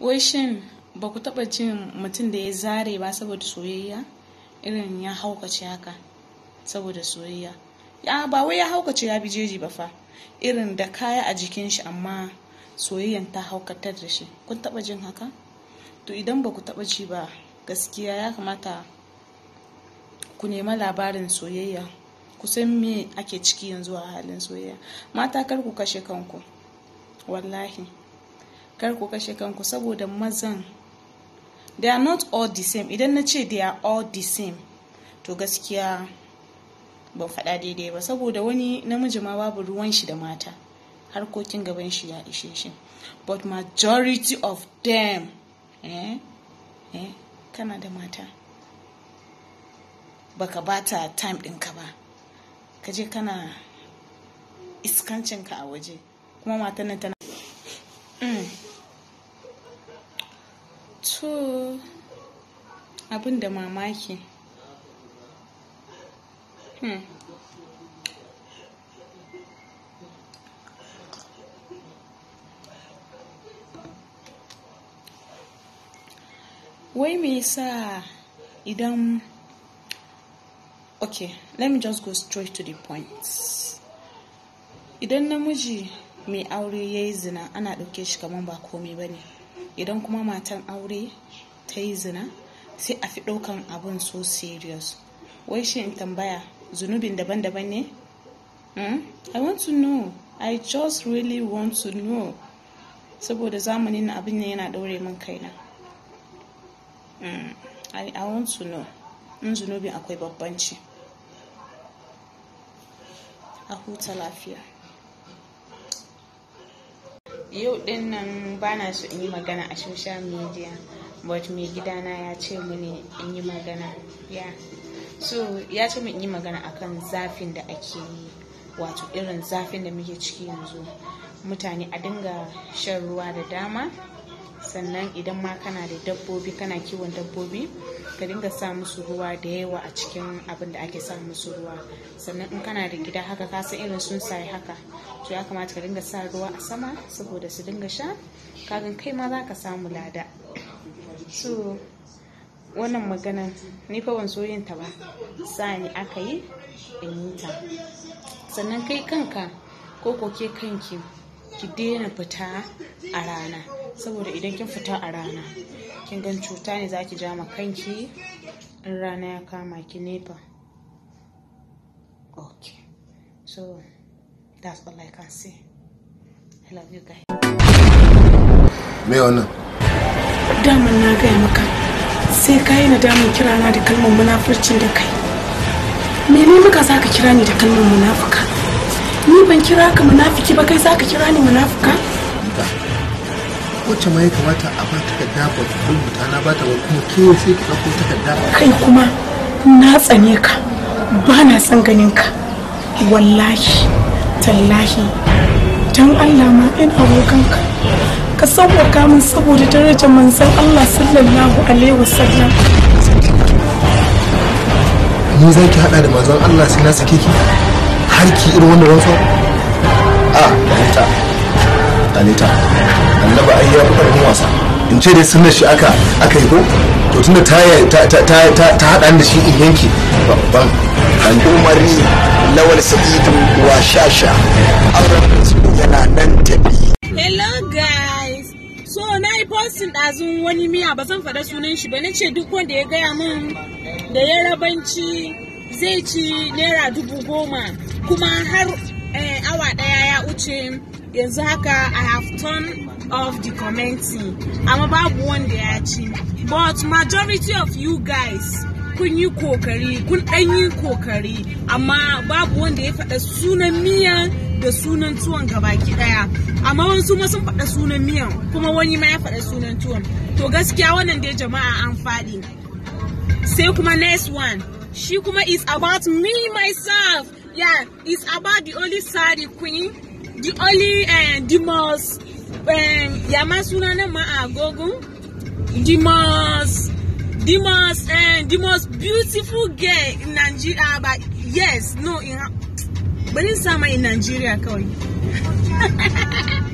wai shin ba ku taɓa jin mutum da ya zare ba saboda soyayya irin ya haukace haka saboda soyayya ya ba wai ya haukace ya bi jeji ba fa irin da kaya a jikin shi amma soyayyan ta haukatar da shi kun taba jin haka to idan ba ku taɓa ji ba gaskiya ya kamata ku nema labarin soyayya ku san me ake ciki yanzu a halin soyayya mata kar ku kashe kanku wallahi kar ku kashe kanku saboda mazan they are not all the same idan na ce they are all the same to gaskiya ban faɗa daidai ba saboda wani namiji ma babu ruwan shi da mata harkokin gaban shi ya ishe shi but majority of them eh, eh, kana da mata baka bata time ɗinka ba kaje kana iskancinka a waje kuma matan nan tana abin da mamaki hmm. wai me yasa idan ok let me just go straight to the point idan namiji mai aure ya yi zina ana ɗauke shi kamar ba komai ba ne idan kuma matan aure ta yi zina sai a fi ɗaukan abin so serious wai shi in tambaya zunubin daban-daban ne hmm? i want to know i just really want to know saboda zamanin abin ne yana ɗaure min kaina mm. I, i want to know in zunubin akwai babbanci a huta lafiya yau ɗin nan ba na so in yi magana a social media but mai gidana ya ce mini in yi magana ya so ya ce in yi magana akan zafin da ake yi wato irin zafin da muke ciki yanzu mutane a dinga shan ruwa da dama sannan idan ma kana da dabbobi kana kiwon dabbobi ka dinga sa musu ruwa da yawa a cikin abin da ake sa musu ruwa sannan in kana da gida haka ka san irin sun sai haka to ya kamata ka dinga sa ruwa a sama saboda su dinga sha kagan kai ma za ka samu lada so wannan maganan ni fa ban so yin ta ba sani aka yi in yi ta sannan kai kanka ko koke kanki ki daina fita a rana saboda idan kin fita a rana kin gan cuta ne za ki ja ma kanki in rana ya kama ki nefa ok so that's all i can say i love you guys me wannan daman na gaya maka sai ka yi kira na da kalmar munafurcin da kai mene muka za ka kira ni da kalmar munafuka ni ban kira ka munafiki ba kai za ka kira ni munafuka wacce ma ya kamata a ba takarda ba rubuta na ba ta ba kuma ke sai ki ɗauko takarda kai kuma na tsane ka ba na san ganin ka wallahi tallahi don Allah ma ina roƙon ka ka sauwaka min saboda darajar manzon Allah sallallahu alaihi wasallam ni za ki hada da manzon Allah sai na sake ki har ki irin wannan wanzu. a dalita dalita annaba ai ya fara mun wasa in ce dai sunnar shi aka aka yi ko to tunda ta ta ta ta hada da shi in yanke babban an umari lawal sa'idu wa shasha auren yana nan tafi hello yi postin ɗazun wani miya ba zan faɗa sunan shi ba na ce duk wanda ya gaya min da ya rabanci zai ci naira dubu goma kuma har eh, awa ɗaya ya wuce yanzu haka i have turned off the commenting amma babu wanda ya ci but majority of you guys kun yi kokari kun ɗan yi kokari amma babu wanda ya faɗa sunan miya. da sunan tuwon ka baki daya amma wasu ma sun faɗa sunan miyan kuma wani ma ya faɗa sunan tuwon to gaskiya wannan dai jama'a an faɗi sai kuma next one shi kuma is about me myself yeah it's about the only sari queen the only uh, the most um, ya ma suna nan ma agogun the most the most uh, the most beautiful girl in Nigeria but yes no in bari sa mai Najeriya kawai